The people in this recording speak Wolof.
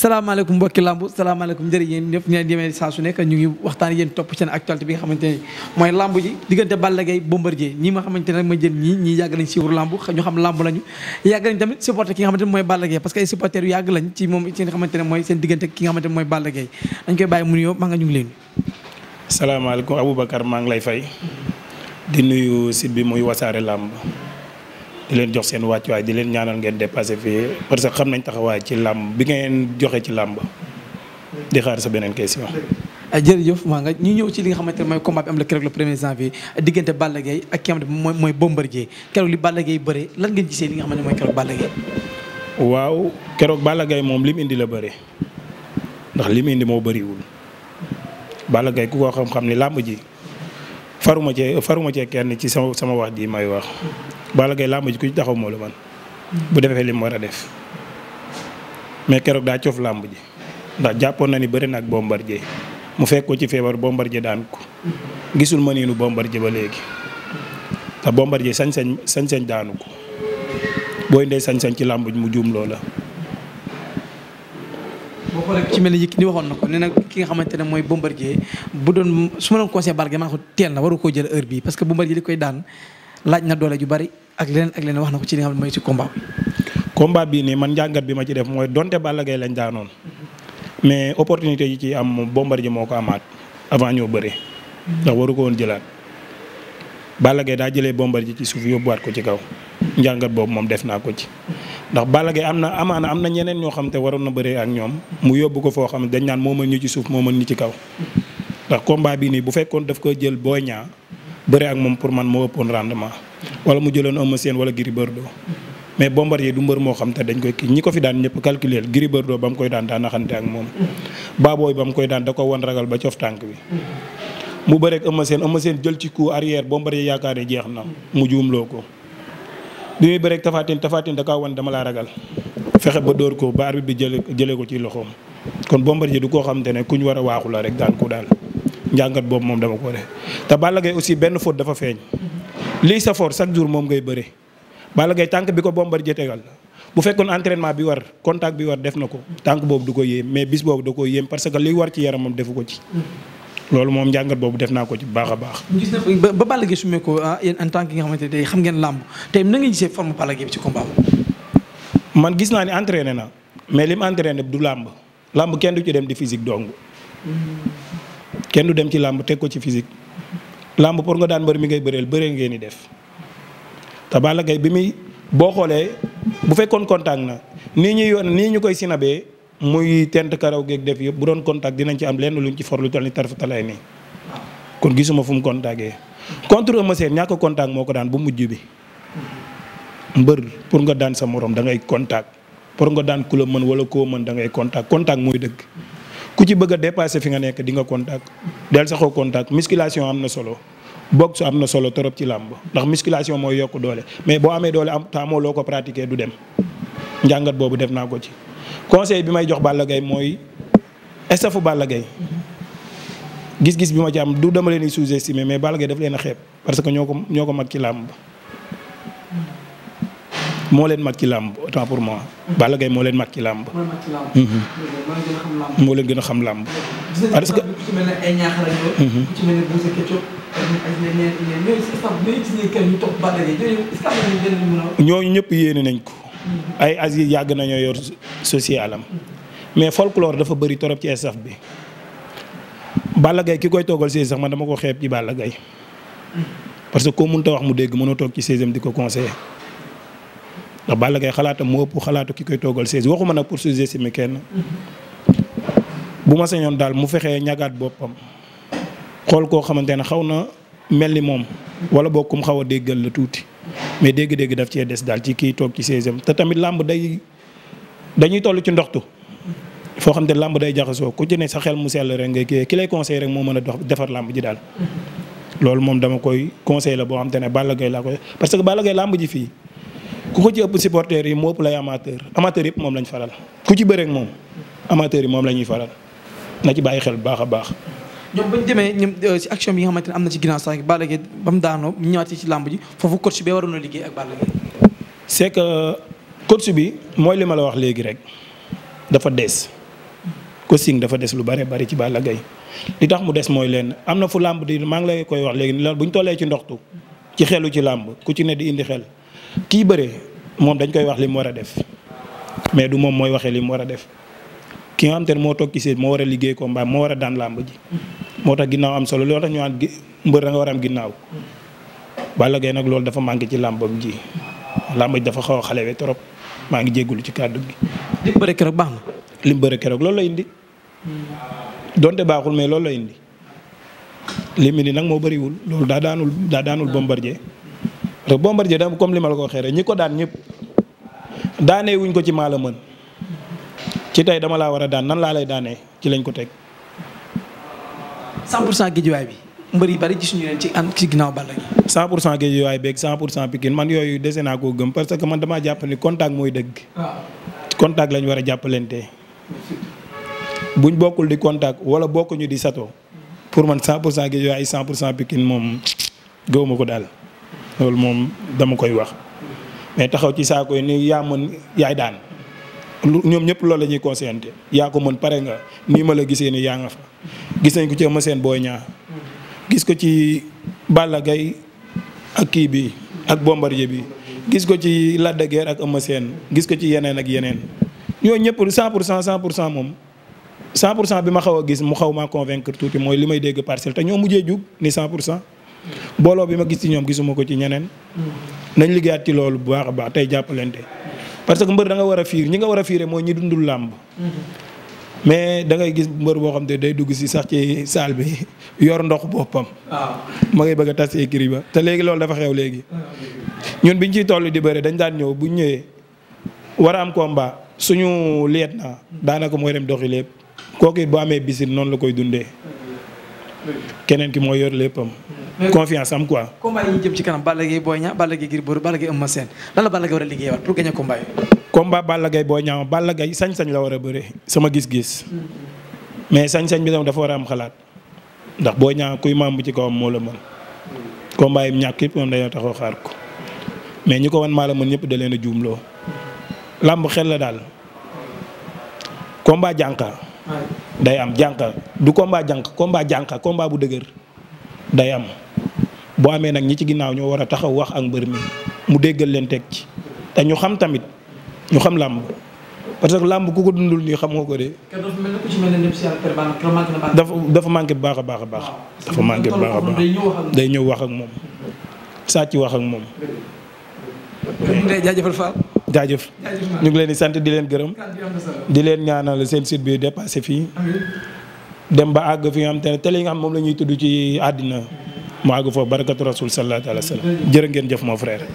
salaamaaleykum mbokki lamb salaamaaleykum njëriñ yéen ñëpp ñeen yemee saa su nekk ñu ngi waxtaan yéen topp seen actualité bi nga xamante ne mooy lamb ji diggante Balla Gaye Bombardier yàgg ñu xam lamb lañu yàgg nañ tamit supporter ki nga xamante ne mooy Balla Gaye parce que ay supporters yu yàgg lañ ci moom ne mooy seen diggante ki nga xamante ne mooy Balla Gaye dañ koy bàyyi mu nuyoo maa nga ñu ngi leen salaamaaleykum Aboubacar maa ngi lay fay di nuyu si bi muy wasaare lamb di leen jox seen wàccuwaay di leen ñaanal ngeen dépassé fii parce que xam nañ taxawaay ci làmb bi ngeen joxe ci làmb di xaar sa beneen question. Euh, jërëjëf maa nga ñu ñëw ci li nga xamante ne mooy combat bi am la keroog le premier janvier diggante Balla Gaye ak ki moom mooy mooy Bombardier keroog li Balla gay bëre lan ngeen gisee li nga xamante ne mooy keroog Balla Gaye waaw keroog Balla Gaye moom lim indi la bëre ndax lim indi moo bariwul Balla Gaye ku ko xam-xam ni làmb ji faruma cee faruma cee kenn ci sama sama wax ji may wax Balla Gaye làmb ji ku ci taxaw moo man bu defee lim war a def mais keroog daa coof làmb ji ndax jàppoon na ni bëri na ak Bombardier mu fekkoo ko ci feebar Bombardier daan ko gisul ma niinu Bombardier ba léegi ndax Bombardier sañ-sañ sañ-sañ daanu ko booy ndey sañ-sañ ci làmb mu juum la ci mel ni ni waxoon na ko nee na ki nga xamante ne mooy Bombardier bu doon su ma doon conseil Balla Gaye maa ko teel na waru koo jël heure bii parce que Bombardier li koy daan. laaj na doole ju bari ak leneen ak leneen wax na ko ci li nga xam ci combat bi. combat bii nii man njàngat bi ma ci def mooy donte Balla lañ daanoon mais opportunité yi ci am Bombardier moo ko amaat avant ñoo bëri waru ko woon jëlaat Balla daa jëlee Bombardier ci suuf yóbbuwaat ko ci kaw njàngat boobu moom def naa ko ci. ndax Balla am na amaana am na ñeneen ñoo xam te waroon na bëree ak ñoom mu yóbbu ko foo xam ne dañ naan moo mën ñu ci suuf moo mën ñu ci kaw ndax combat bii nii bu fekkoon daf ko jël Boy Niang bëre ak moom pour man moo ëppoon rendement wala mu jëloon Eumeu Sène wala Gris Bordeaux mais Bombardier du mbër moo xam te dañ koy kii ñi ko fi daan ñëpp calculer Gris Bordeaux ba mu koy daan daa naxante ak moom baabooy ba mu koy daan da ko won ragal ba cof tànk bi mu bëreeg Eumeu Sène Eumeu jël ci coup arrière Bombardier yaakaar ne jeex na mu juumloo ko bi muy bëreeg Tapha Tine Tapha Tine da kaa won dama laa ragal fexe ba dóor ko ba arbitre bi jële jëlee ko ci loxoom kon yi du koo xam te ne ku ñu war a waaxu la rek daan ko daal njàngat boobu moom dama ko def te Balla Gaye aussi benn faute dafa feeñ lii sa force chaque jour moom ngay bëre Balla Gaye tànk bi ko Bombardier tegal bu fekkoon entraînement bi war contact bi war def na ko tànk boobu du ko yéem mais bis boobu da ko yéem parce que liy war ci yaramam defu ko ci. loolu moom njàngat boobu def naa ko ci baax a baax. gis na ba Balla Gaye su mee ko ah, yéen en tant que nga xamante ne xam ngeen làmb tey na nga gisee forme Balla Gaye bi ci combat man gis naa ne entraîné na mais lim entraîné du làmb làmb kenn du ci dem di physique dong. Hmm. kenn du dem ci làmb teg ko ci physique làmb pour nga daan mbër mi ngay bëreel bëree ngeen di def te Balla bi muy boo xoolee bu fekkoon contact na nii ñuy yoon nii ñu koy sinabee muy tent karaw geeg def yëpp bu doon contact dinañ ci am lenn luñ ci for lu toll ni tarfu talaay nii kon gisuma fu mu contactee contre Eumeu ñàkk contact moo ko daan bu mujj bi mbër pour nga daan sa morom da ngay contact pour nga daan ku la mën wala koo mën da ngay contact contact mooy dëgg. ku ci bëgg a dépasser fi nga nekk di nga contact del saxoo contact musculation am na solo boxe am na solo torop ci làmb ndax musculation mooy yokk doole mais boo amee doole am taamoo loo ko pratiquer du dem njàngat boobu def naa ko ci conseil bi may jox Balla gay mooy estafu Balla Gaye gis-gis bi ma ci am du dama leen di sous mais Balla Gaye daf leen a xeeb parce que ñoo ko ñoo ko mag ci làmb moo leen mag ci làmb autant pour moi. Balla moo leen mag ci làmb. moo leen mhm. gën a xam làmb. parce que ku mhm. ñëpp yéene nañ ko. Mhm. ay Aziz yàgg nañoo yor social am. mais folklore dafa bëri torop ci staff bi. Balla Gaye ki koy toogal si sax man dama ko xeeb ci Balla Gaye parce que koo mënta wax mu dégg mënoo toog ci 16 di ko conseiller. ndax Balla Gaye xalaatam moo ëpp xalaatu ki koy toogal seize waxuma nag pour sous-estimer kenn bu ma señoon daal mu fexee ñagaat boppam xool koo xamante ne xaw na mel ni moom wala bokkum xaw déggal la tuuti mais dégg-dégg daf cee des daal ci kii toog ci seizième te tamit làmb day dañuy toll ci ndoxtu foo xam te làmb day jaxasoo ku ci ne sa xel mu sell rek ngay kii ki lay conseil rek moo mën a dox defar làmb ji daal loolu moom dama koy conseil la boo ku ko ci ëpp supporters yi moo ëpp lay amateur amateur yëpp moom lañ faral ku ci bëreek moom amateur yi moom la ñuy faral na ci bàyyi xel bu baax a baax. ñoom bañ demee euh, action bi nga xamante ne am na ci ginnaaw sax gi Balla Gaye ba mu daanoo ñu ñëwaat ci làmb ji foofu coach bi waroon na liggéey ak Balla que coach bi mooy li ma la wax léegi rek dafa des coaching dafa des lu bare bari ci Balla Gaye li tax mu des mooy leen am na fu làmb di maa ngi lay koy wax léegi ni la bu ñu tollee ci ndoxtu ci xelu ci làmb ku ci ne di indi xel. kii bëree moom dañ koy wax li mu war a def mais du moom mooy waxee li mu war a def ki nga xam te ne moo toog ci moo war a liggéey ko mbaam moo war a daan làmb ji moo tax ginnaaw am solo loolu tax ñu naan mbër da war am ginnaaw Balla nag loolu dafa manqué ci làmbam ji làmb ji dafa xaw a xalewe torop maa ngi jéggulu ci kàddu gi. li bëre keroog baax na. li mu bëre keroog loolu la indi donte baaxul mais loolu la indi li mu indi nag moo bariwul loolu daa daanul daa daanul bombardier te Bombardier dama comme li ma la ko waxee rek ñi ko daan ñëpp daanee wuñ ko ci maa la mën ci tey dama laa war a daan nan laa lay daanee ci lañ ko teg. 100 pour cent géejuwaay bi mbër yi bari gisuñu leen ci an ci ginnaaw Balla gi. 100 pour cent géejuwaay beeg 100 pour cent Pikine man yooyu dese naa koo gëm parce que man damaa jàpp ni contact mooy dëgg. Ah. contact lañu war a jàppalantee. buñ bokkul di contact wala bokkuñu di sato pour man 100 pour cent géejuwaay 100 pour cent Pikine moom gëwuma ko daal. loolu moom dama koy wax mais taxaw ci saako yi ni yaa mën yaay daan ñoom ñëpp loolu lañuy ñuy consciente yaa ko mën pare nga nii ma la gisee nii yaa nga fa gis nañ ko ci Eumeu Sène Boy Niang gis ko ci Balla Gaye ak kii bi ak Bombardier bi gis ko ci Lac de Guiers ak Eumeu Sène gis ko ci yeneen ak yeneen ñooñu ñëpp 100 pour cent 100 pour cent moom 100 pour cent bi ma xaw a gis mu xaw maa convaincre tuuti mooy li may dégg parcelle te ñoo mujjee jug ni cent pour cent booloo bi ma gis ci ñoom gisuma ko ci ñeneen. nañ liggéeyaat ci loolu bu baax a baax tey jàppalante. parce que mbër da nga war a fiir ñi nga war a fiire mooy ñi dundu làmb. mais da ngay gis mbër boo xam te day dugg si sax ci saal bi yor ndox boppam. waaw ma ngay bëgg a tas écrit ba te léegi loolu dafa xew léegi. ñun biñ ciy toll di bëre dañ daan ñëw buñ ñëwee war a am combat suñu liet na daanaka mooy dem doxi lépp kooku bu amee bisin noonu la koy dundee. keneen ki mooy yor léppam. Mm. confiance am quoi. combat yi jëm ci kanam Balla Gaye Boy Niang Balla Gaye Gris Bordeaux Balla a liggéeyaat pour sañ-sañ la war a bëre sama gis-gis. Mm-hmm. mais sañ-sañ bi tam dafa war a am xalaat ndax Boy Niang kuy maam bu ci kawam moo la mën. combat yi ñàkk yëpp moom dañoo taxaw xaar ko mais ñi ko wan maa mën ñëpp da leen a juumloo. làmb xel la daal combat jànka. day am jànka du combat jànka combat jànka bu dëgër day am. boo amee nag ñi ci ginnaaw ñoo war a taxaw wax ak mbër mi mu déggal leen teg ci te ñu xam tamit ñu xam làmb parce que làmb ku ko dundul nii xam xamoo ko de. dafa dafa manqué bu baax a baax a baax. dafa manqué bu baax a baax day ñëw wax ak moom sàcc wax ak moom. jaajëfal Fall. jaajëf ñu ngi leen di sant di leen gërëm di leen ñaanal seen site bi dépassé fii dem ba àgg fi nga xam te ne télé yi nga xam moom la ñuy tudd ci àddina mu àgg foofu barakatu rasul sallallahu alayhi wa sallam jërë ngeen jëf